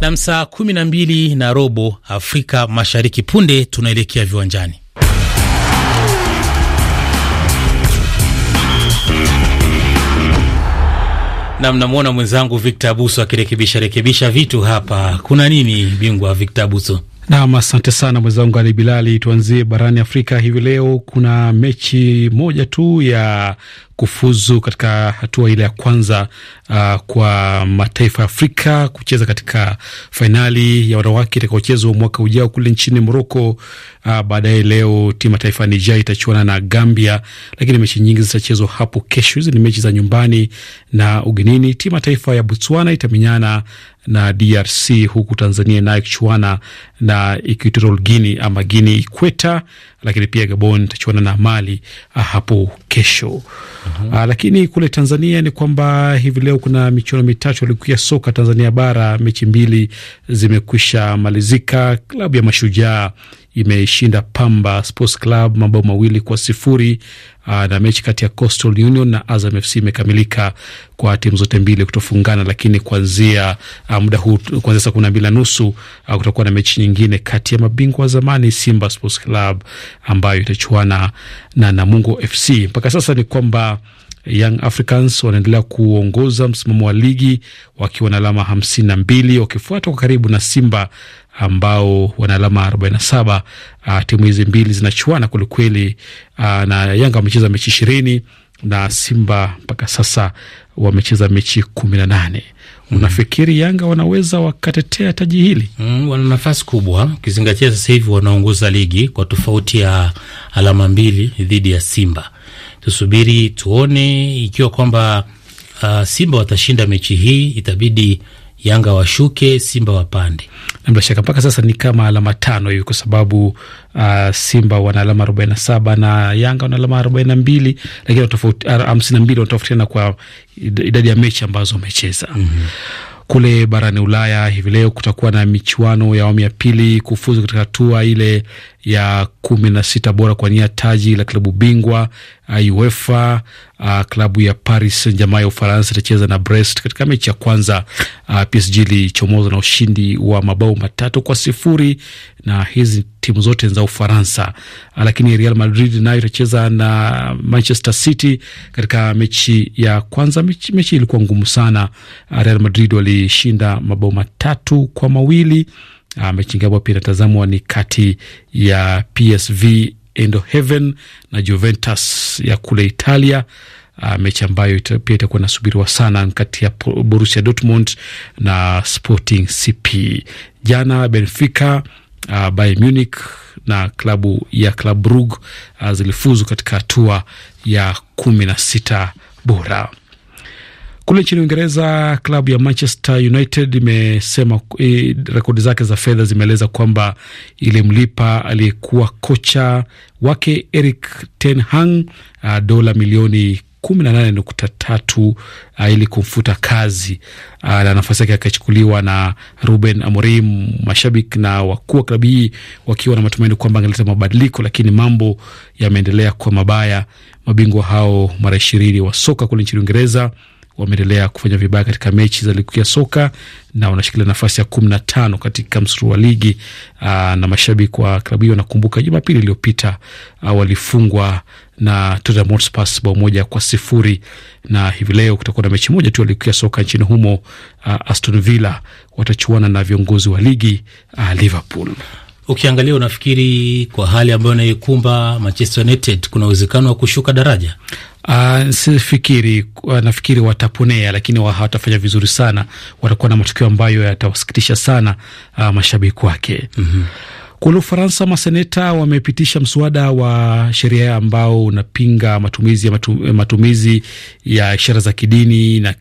na msaa 12 na robo Afrika Mashariki. Punde tunaelekea viwanjani. na mnamwona mwenzangu Victor Abuso akirekebisha rekebisha vitu hapa. Kuna nini, bingwa Victor Abuso? Nam, asante sana mwenzangu Ali Bilali. Tuanzie barani Afrika hivi leo, kuna mechi moja tu ya kufuzu katika hatua ile ya kwanza uh, kwa mataifa ya Afrika kucheza katika fainali ya wanawake itakaochezwa mwaka ujao kule nchini Moroko. Uh, baadaye leo timu ya taifa ya Nigeria itachuana na Gambia, lakini mechi nyingi zitachezwa hapo kesho. Hizi ni mechi za nyumbani na ugenini. Timu ya taifa ya Botswana itamenyana na DRC huku Tanzania nayo ikichuana na Equatorial Guinea ama Guinea Ikweta, lakini pia Gabon itachuana na Mali uh, hapo kesho mm -hmm. Lakini kule Tanzania ni kwamba hivi leo kuna michuano mitatu ilikuwa soka Tanzania bara, mechi mbili zimekwisha malizika. Klabu ya Mashujaa imeshinda Pamba Sports Club mabao mawili kwa sifuri. Uh, na mechi kati ya Coastal Union na Azam FC imekamilika kwa timu zote mbili kutofungana, lakini kuanzia uh, muda huu, kuanzia saa kumi na mbili na nusu uh, kutakuwa na mechi nyingine kati ya mabingwa wa zamani Simba Sports Club ambayo itachuana na Namungo FC. Mpaka sasa ni kwamba Young Africans wanaendelea kuongoza msimamo wa ligi wakiwa na alama 52 wakifuatwa kwa karibu na Simba ambao wana alama 47. Uh, ah, timu hizi mbili zinachuana kwelikweli. Uh, na Yanga wamecheza mechi ishirini na Simba mpaka sasa wamecheza mechi kumi na nane. Mhm. Unafikiri Yanga wanaweza wakatetea taji hili? Mm, wana nafasi kubwa ukizingatia sasa hivi wanaongoza ligi kwa tofauti ya alama mbili dhidi ya Simba tusubiri tuone ikiwa kwamba uh, Simba watashinda mechi hii, itabidi Yanga washuke, Simba wapande, na bila shaka mpaka sasa ni kama alama tano hivi, kwa sababu uh, Simba wana alama arobaini na saba na Yanga wana alama arobaini na mbili lakini hamsini na mbili wanatofautiana kwa idadi ya mechi ambazo wamecheza. mm -hmm. Kule barani Ulaya hivi leo kutakuwa na michuano ya awamu ya pili kufuzu katika hatua ile ya kumi na sita bora kwa nia taji la klabu bingwa uh, UEFA. Uh, klabu ya Paris Saint-Germain ya Ufaransa itacheza na Brest katika mechi ya kwanza. Uh, PSG ilichomoza na ushindi wa mabao matatu kwa sifuri na hizi timu zote za Ufaransa, ah, lakini Real Madrid nayo itacheza na Manchester City katika mechi ya kwanza. Mechi, mechi ilikuwa ngumu sana. Ah, Real Madrid walishinda mabao matatu kwa mawili. Ah, mechi ingawa pia inatazamwa ni kati ya PSV Eindhoven na Juventus ya kule Italia. Uh, mechi ambayo ita, pia itakuwa inasubiriwa sana kati ya Borussia Dortmund na Sporting CP. Jana Benfica uh, Bayern Munich na klabu ya Club Brugge uh, zilifuzu katika hatua ya kumi na sita bora. Kule nchini Uingereza, klabu ya Manchester United imesema e, rekodi zake za fedha zimeeleza kwamba ilimlipa aliyekuwa kocha wake Eric ten Hag ah, dola milioni kumi na nane nukta tatu uh, ili kumfuta kazi uh, na nafasi yake akachukuliwa na Ruben Amorim. Mashabiki na wakuu wa klabu hii wakiwa na matumaini kwamba angeleta mabadiliko, lakini mambo yameendelea kwa mabaya. Mabingwa hao mara ishirini wa soka kule nchini Uingereza wameendelea kufanya vibaya katika mechi za ligi ya soka na wanashikilia nafasi ya kumi na tano katika msuru wa ligi aa, na mashabiki wa klabu hiyo wanakumbuka Jumapili iliyopita walifungwa na Tottenham Hotspur bao moja kwa sifuri na hivi leo kutakuwa na mechi moja tu ya ligi ya soka nchini humo. Aston Villa watachuana na viongozi wa ligi aa, Liverpool ukiangalia unafikiri kwa hali ambayo inaikumba Manchester United kuna uwezekano wa kushuka daraja? Uh, sifikiri. Uh, nafikiri wataponea, lakini hawatafanya vizuri sana. Watakuwa na matukio ambayo yatawasikitisha sana uh, mashabiki wake mm -hmm. Kule Ufaransa, maseneta wamepitisha mswada wa sheria ambao unapinga matumizi ya matumizi ya ishara za kidini na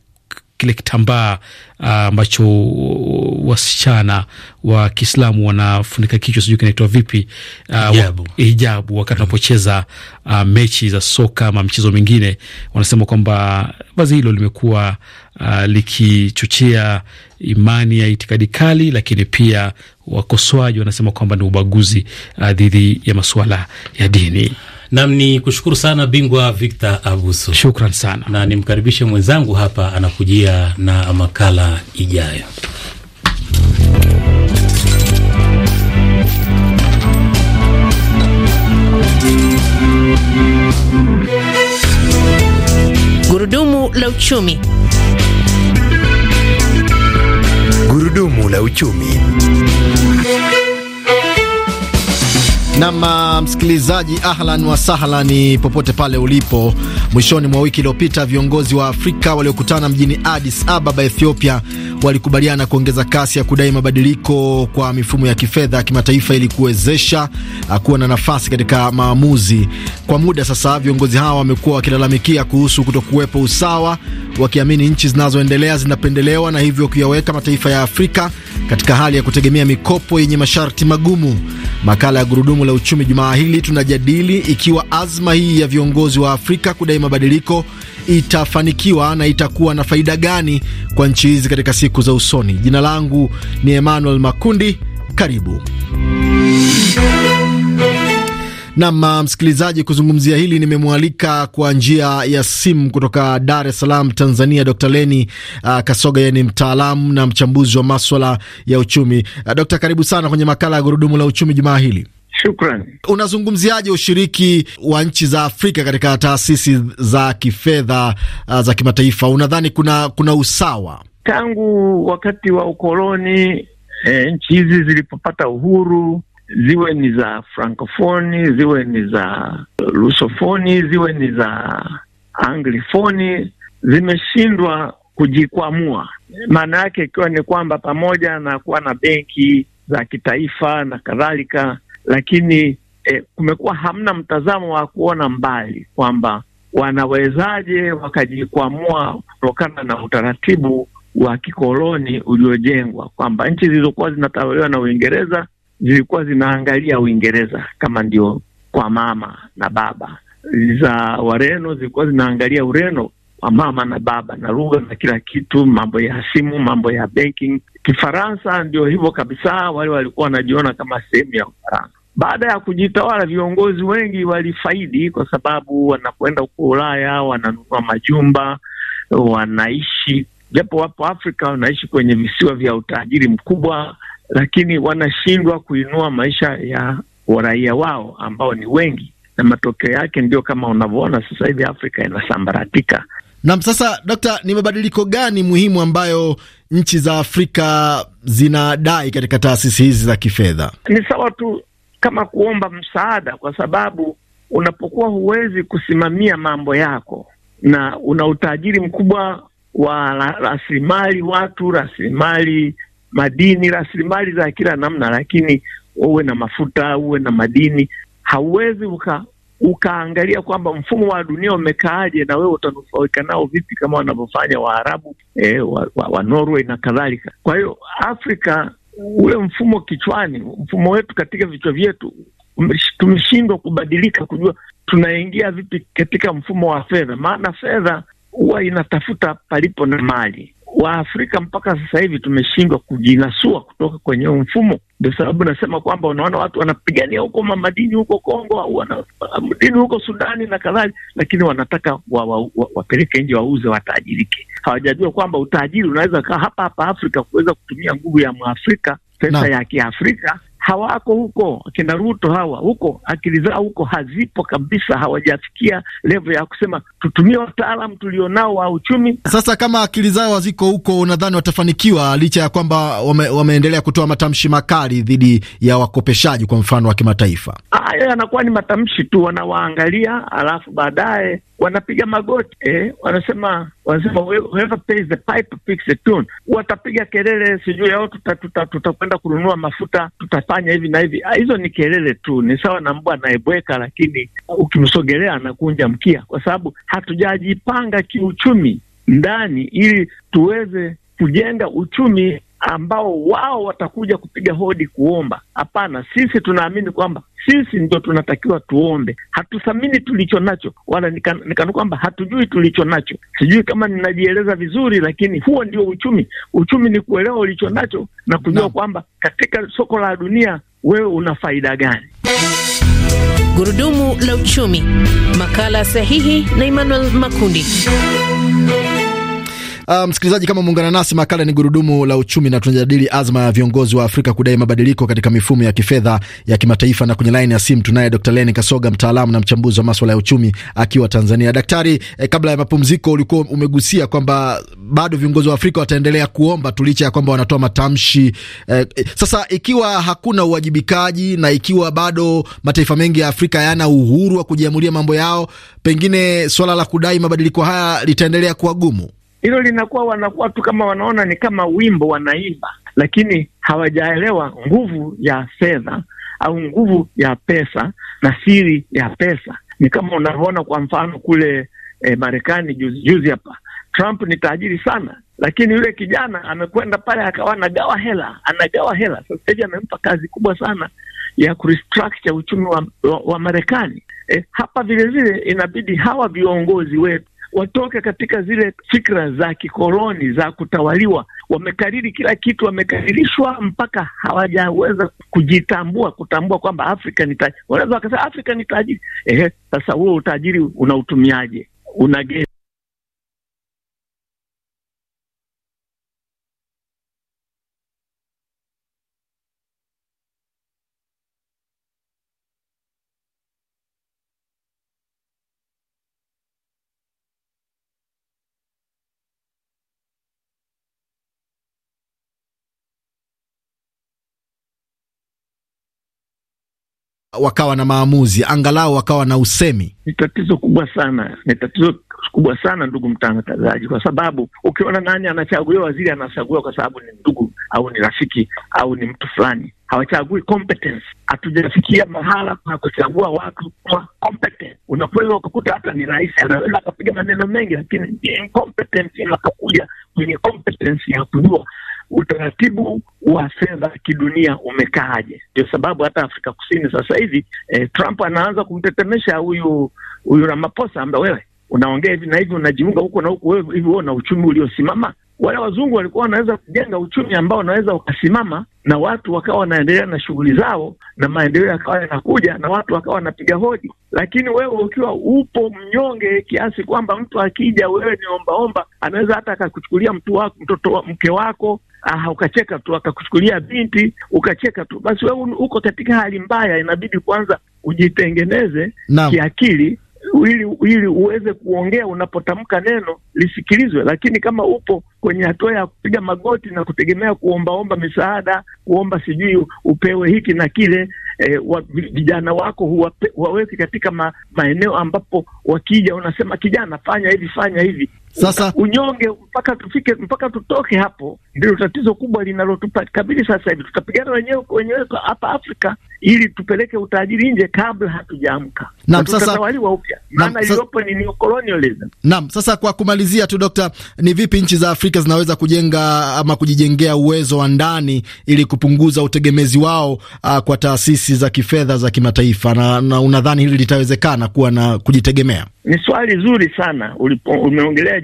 kile kitambaa uh, ambacho uh, wasichana wa Kiislamu wanafunika kichwa, sijui kinaitwa vipi, uh, hijabu uh, wakati wanapocheza mm. uh, mechi za soka ama mchezo mingine, wanasema kwamba vazi hilo limekuwa uh, likichochea imani ya itikadi kali, lakini pia wakosoaji wanasema kwamba ni ubaguzi uh, dhidi ya masuala ya dini. Nam ni kushukuru sana bingwa Victor Abuso, shukran sana, na nimkaribishe mwenzangu hapa anakujia na makala ijayo. Gurudumu la uchumi, gurudumu la uchumi. Nam msikilizaji, ahlan wa sahlani, popote pale ulipo. Mwishoni mwa wiki iliyopita viongozi wa Afrika waliokutana mjini Addis Ababa, Ethiopia, walikubaliana kuongeza kasi ya kudai mabadiliko kwa mifumo ya kifedha ya kimataifa ili kuwezesha ah, kuwa na nafasi katika maamuzi. Kwa muda sasa, viongozi hawa wamekuwa wakilalamikia kuhusu kutokuwepo usawa, wakiamini nchi zinazoendelea zinapendelewa na hivyo kuyaweka mataifa ya Afrika katika hali ya kutegemea mikopo yenye masharti magumu. Makala ya Gurudumu la Uchumi jumaa hili tunajadili ikiwa azma hii ya viongozi wa Afrika kudai mabadiliko itafanikiwa na itakuwa na faida gani kwa nchi hizi katika siku za usoni. Jina langu ni Emmanuel Makundi, karibu Nam msikilizaji, kuzungumzia hili nimemwalika kwa njia ya simu kutoka Dar es Salaam, Tanzania, Dr Leni uh, Kasoga. Yeye ni mtaalamu na mchambuzi wa maswala ya uchumi. Uh, Dr, karibu sana kwenye makala ya gurudumu la uchumi jumaa hili. Shukran. Unazungumziaje ushiriki wa nchi za Afrika katika taasisi za kifedha uh, za kimataifa? Unadhani kuna kuna usawa tangu wakati wa ukoloni? E, nchi hizi zilipopata uhuru ziwe ni za frankofoni, ziwe ni za lusofoni, ziwe ni za anglifoni, zimeshindwa kujikwamua. Maana yake ikiwa ni kwamba pamoja na kuwa na benki za kitaifa na kadhalika, lakini eh, kumekuwa hamna mtazamo wa kuona mbali kwamba wanawezaje wakajikwamua kutokana na utaratibu wa kikoloni uliojengwa kwamba nchi zilizokuwa zinatawaliwa na Uingereza zilikuwa zinaangalia Uingereza kama ndio kwa mama na baba, za Wareno zilikuwa zinaangalia Ureno kwa mama na baba, na lugha na kila kitu, mambo ya simu, mambo ya banking. Kifaransa ndio hivyo kabisa, wale walikuwa wanajiona kama sehemu ya Ufaransa. Baada ya kujitawala, viongozi wengi walifaidi, kwa sababu wanakwenda huko Ulaya wananunua majumba, wanaishi japo wapo Afrika, wanaishi kwenye visiwa vya utajiri mkubwa lakini wanashindwa kuinua maisha ya waraia wao ambao ni wengi, na matokeo yake ndio kama unavyoona sasa hivi Afrika inasambaratika. Nam, sasa Dokta, ni mabadiliko gani muhimu ambayo nchi za Afrika zinadai katika taasisi hizi za kifedha? Ni sawa tu kama kuomba msaada, kwa sababu unapokuwa huwezi kusimamia mambo yako na una utajiri mkubwa wa rasilimali watu, rasilimali madini, rasilimali za kila namna, lakini uwe na mafuta, uwe na madini, hauwezi uka ukaangalia kwamba mfumo wa dunia umekaaje na wewe utanufaika nao vipi, kama wanavyofanya Waarabu eh, wa, wa, wa Norway na kadhalika. Kwa hiyo Afrika, ule mfumo kichwani, mfumo wetu katika vichwa vyetu tumeshindwa kubadilika, kujua tunaingia vipi katika mfumo wa fedha, maana fedha huwa inatafuta palipo na mali. Waafrika mpaka sasa hivi tumeshindwa kujinasua kutoka kwenye mfumo. Ndio sababu nasema kwamba unaona watu wanapigania huko madini huko Kongo au madini huko Sudani na kadhalika, lakini wanataka wa, wa, wa, wapeleke nje wauze, watajirike. Hawajajua kwamba utajiri unaweza kaa hapa hapa Afrika, kuweza kutumia nguvu ya Mwafrika, pesa ya Kiafrika hawako huko, akina Ruto hawa huko, akili zao huko hazipo kabisa, hawajafikia level ya kusema tutumie wataalam tulionao wa uchumi. Sasa kama akili zao haziko huko, unadhani watafanikiwa licha ya kwamba wame, wameendelea kutoa matamshi makali dhidi ya wakopeshaji, kwa mfano wa kimataifa? Ah, hayo yanakuwa ni matamshi tu, wanawaangalia alafu baadaye wanapiga magoti eh, wanasema wanasema whoever pays the pipe picks the tune. Watapiga kelele sijui ao, tutakwenda tuta, tuta kununua mafuta, tutafanya hivi na hivi. Ah, hizo ni kelele tu, ni sawa na mbwa anayebweka, lakini ukimsogelea anakunja mkia, kwa sababu hatujajipanga kiuchumi ndani ili tuweze kujenga uchumi ambao wao watakuja kupiga hodi kuomba. Hapana, sisi tunaamini kwamba sisi ndio tunatakiwa tuombe. Hatuthamini tulicho nacho, wala nikanu kwamba hatujui tulicho nacho. Sijui kama ninajieleza vizuri, lakini huo ndio uchumi. Uchumi ni kuelewa ulicho nacho na kujua no. kwamba katika soko la dunia wewe una faida gani. Gurudumu la Uchumi, makala sahihi na Emmanuel Makundi. Uh, msikilizaji, kama muungana nasi, makala ni gurudumu la uchumi na tunajadili azma ya viongozi wa Afrika kudai mabadiliko katika mifumo ya kifedha ya kimataifa, na kwenye laini ya simu tunaye Dr. Leni Kasoga, mtaalamu na mchambuzi wa maswala ya uchumi akiwa Tanzania. Daktari, eh, kabla ya mapumziko ulikuwa umegusia kwamba bado viongozi wa Afrika wataendelea kuomba tu licha ya kwamba wanatoa matamshi eh. Sasa ikiwa hakuna uwajibikaji na ikiwa bado mataifa mengi ya Afrika hayana uhuru wa kujiamulia mambo yao, pengine swala la kudai mabadiliko haya litaendelea kuwa gumu hilo linakuwa wanakuwa tu kama wanaona ni kama wimbo wanaimba, lakini hawajaelewa nguvu ya fedha au nguvu ya pesa na siri ya pesa. Ni kama unavyoona kwa mfano kule eh, Marekani juzi juzi hapa, Trump ni tajiri sana, lakini yule kijana amekwenda pale akawa anagawa hela, anagawa hela. Sasa hivi amempa kazi kubwa sana ya kurestructure uchumi wa, wa, wa Marekani. Eh, hapa vilevile inabidi hawa viongozi wetu watoke katika zile fikra za kikoloni za kutawaliwa. Wamekariri kila kitu, wamekaririshwa mpaka hawajaweza kujitambua, kutambua kwamba Afrika ni tajiri. Wanaweza wakasema Afrika ni tajiri, ehe, sasa huo utajiri unautumiaje? una wakawa na maamuzi, angalau wakawa na usemi? Ni tatizo kubwa sana, ni tatizo kubwa sana, ndugu mtangazaji, kwa sababu ukiona nani anachaguliwa waziri, anachaguliwa kwa sababu ni ndugu au ni rafiki au ni mtu fulani, hawachagui competence. Hatujafikia mahala pa kuchagua watu kwa competence. Unakweza ukakuta hata ni rais anaweza akapiga maneno mengi, lakini ni incompetence inapokuja kwenye competence ya kujua utaratibu wa fedha kidunia umekaaje. Ndio sababu hata Afrika Kusini sasa hivi eh, Trump anaanza kumtetemesha huyu huyu Ramaphosa ambaye wewe unaongea hivi na hivi, unajiunga huko na huko, wewe hivi, wewe una uchumi uliosimama wale wazungu walikuwa wanaweza kujenga uchumi ambao unaweza ukasimama na watu wakawa wanaendelea na shughuli zao na maendeleo yakawa yanakuja na watu wakawa wanapiga hodi. Lakini wewe ukiwa upo mnyonge kiasi kwamba mtu akija, wewe ni ombaomba, anaweza hata akakuchukulia mtu wako, mtoto, mke wako Aha, ukacheka tu akakuchukulia binti ukacheka tu basi, wewe uko katika hali mbaya. Inabidi kwanza ujitengeneze kiakili ili ili uweze kuongea unapotamka neno lisikilizwe, lakini kama upo kwenye hatua ya kupiga magoti na kutegemea kuombaomba misaada, kuomba sijui upewe hiki na kile, eh, wa, vijana wako huwaweki katika ma, maeneo ambapo wakija unasema kijana, fanya hivi fanya hivi sasa unyonge mpaka tufike mpaka tutoke hapo, ndilo tatizo kubwa linalotukabili sasa hivi. Tutapigana wenyewe wenyewe hapa Afrika ili tupeleke utajiri nje kabla hatujaamka, tutatawaliwa upya, maana iliyopo ni neo Naam, sasa kwa kumaliza kumalizia tu Dokta, ni vipi nchi za Afrika zinaweza kujenga ama kujijengea uwezo wa ndani ili kupunguza utegemezi wao a, uh, kwa taasisi za kifedha za kimataifa na, na unadhani hili litawezekana kuwa na kujitegemea? Ni swali zuri sana ulipo, umeongelea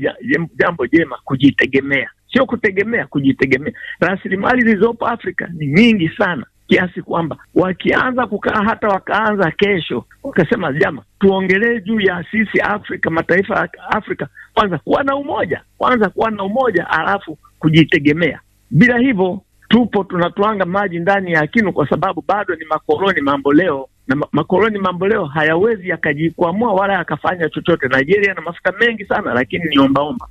jambo jema, kujitegemea sio kutegemea, kujitegemea. Rasilimali zilizopo Afrika ni nyingi sana kiasi kwamba wakianza kukaa hata wakaanza kesho, wakasema jama, tuongelee juu ya sisi Afrika, mataifa ya Afrika kwanza kuwa na umoja, kwanza kuwa na umoja, alafu kujitegemea. Bila hivyo tupo tunatwanga maji ndani ya kinu, kwa sababu bado ni makoloni mambo leo na makoloni mambo leo hayawezi yakajikwamua wala yakafanya chochote. Nigeria na mafuta mengi sana, lakini ni ombaomba.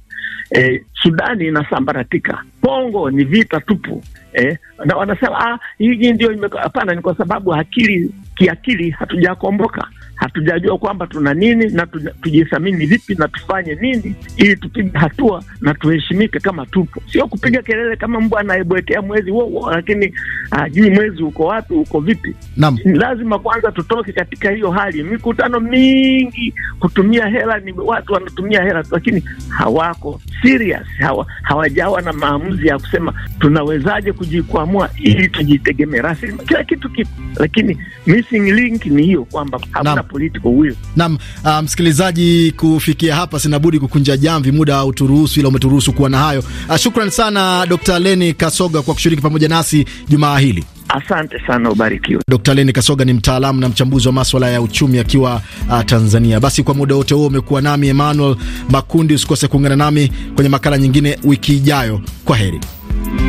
E, Sudani inasambaratika, Kongo ni vita tupu. E, na wanasema ah, hii ndio imeka. Hapana, ni kwa sababu akili kiakili hatujakomboka hatujajua kwamba tuna nini na tujithamini vipi na tufanye nini ili tupige hatua na tuheshimike kama tupo, sio kupiga kelele kama mbwa anayebwekea mwezi wowo, lakini ah, ajui uh, mwezi uko wapi, uko vipi. Ni lazima kwanza tutoke katika hiyo hali. Mikutano mingi kutumia hela, ni watu wanatumia hela, lakini hawako serious, hawa hawajawa na maamuzi ya kusema tunawezaje kujikwamua ili tujitegemee. Rasilimali kila kitu kipo, lakini missing link ni hiyo kwamba hamna nam politiko huyo. Naam, ah, msikilizaji, kufikia hapa sinabudi kukunja jamvi, muda uturuhusu, ila umeturuhusu kuwa na hayo. Uh, shukran sana Dr. Leni Kasoga kwa kushiriki pamoja nasi jumaa hili. Asante sana, ubarikiwe. Dr. Leni Kasoga ni mtaalamu na mchambuzi wa maswala ya uchumi akiwa uh, Tanzania. Basi kwa muda wote huo umekuwa nami Emmanuel Makundi. Usikose kuungana nami kwenye makala nyingine wiki ijayo. Kwa heri.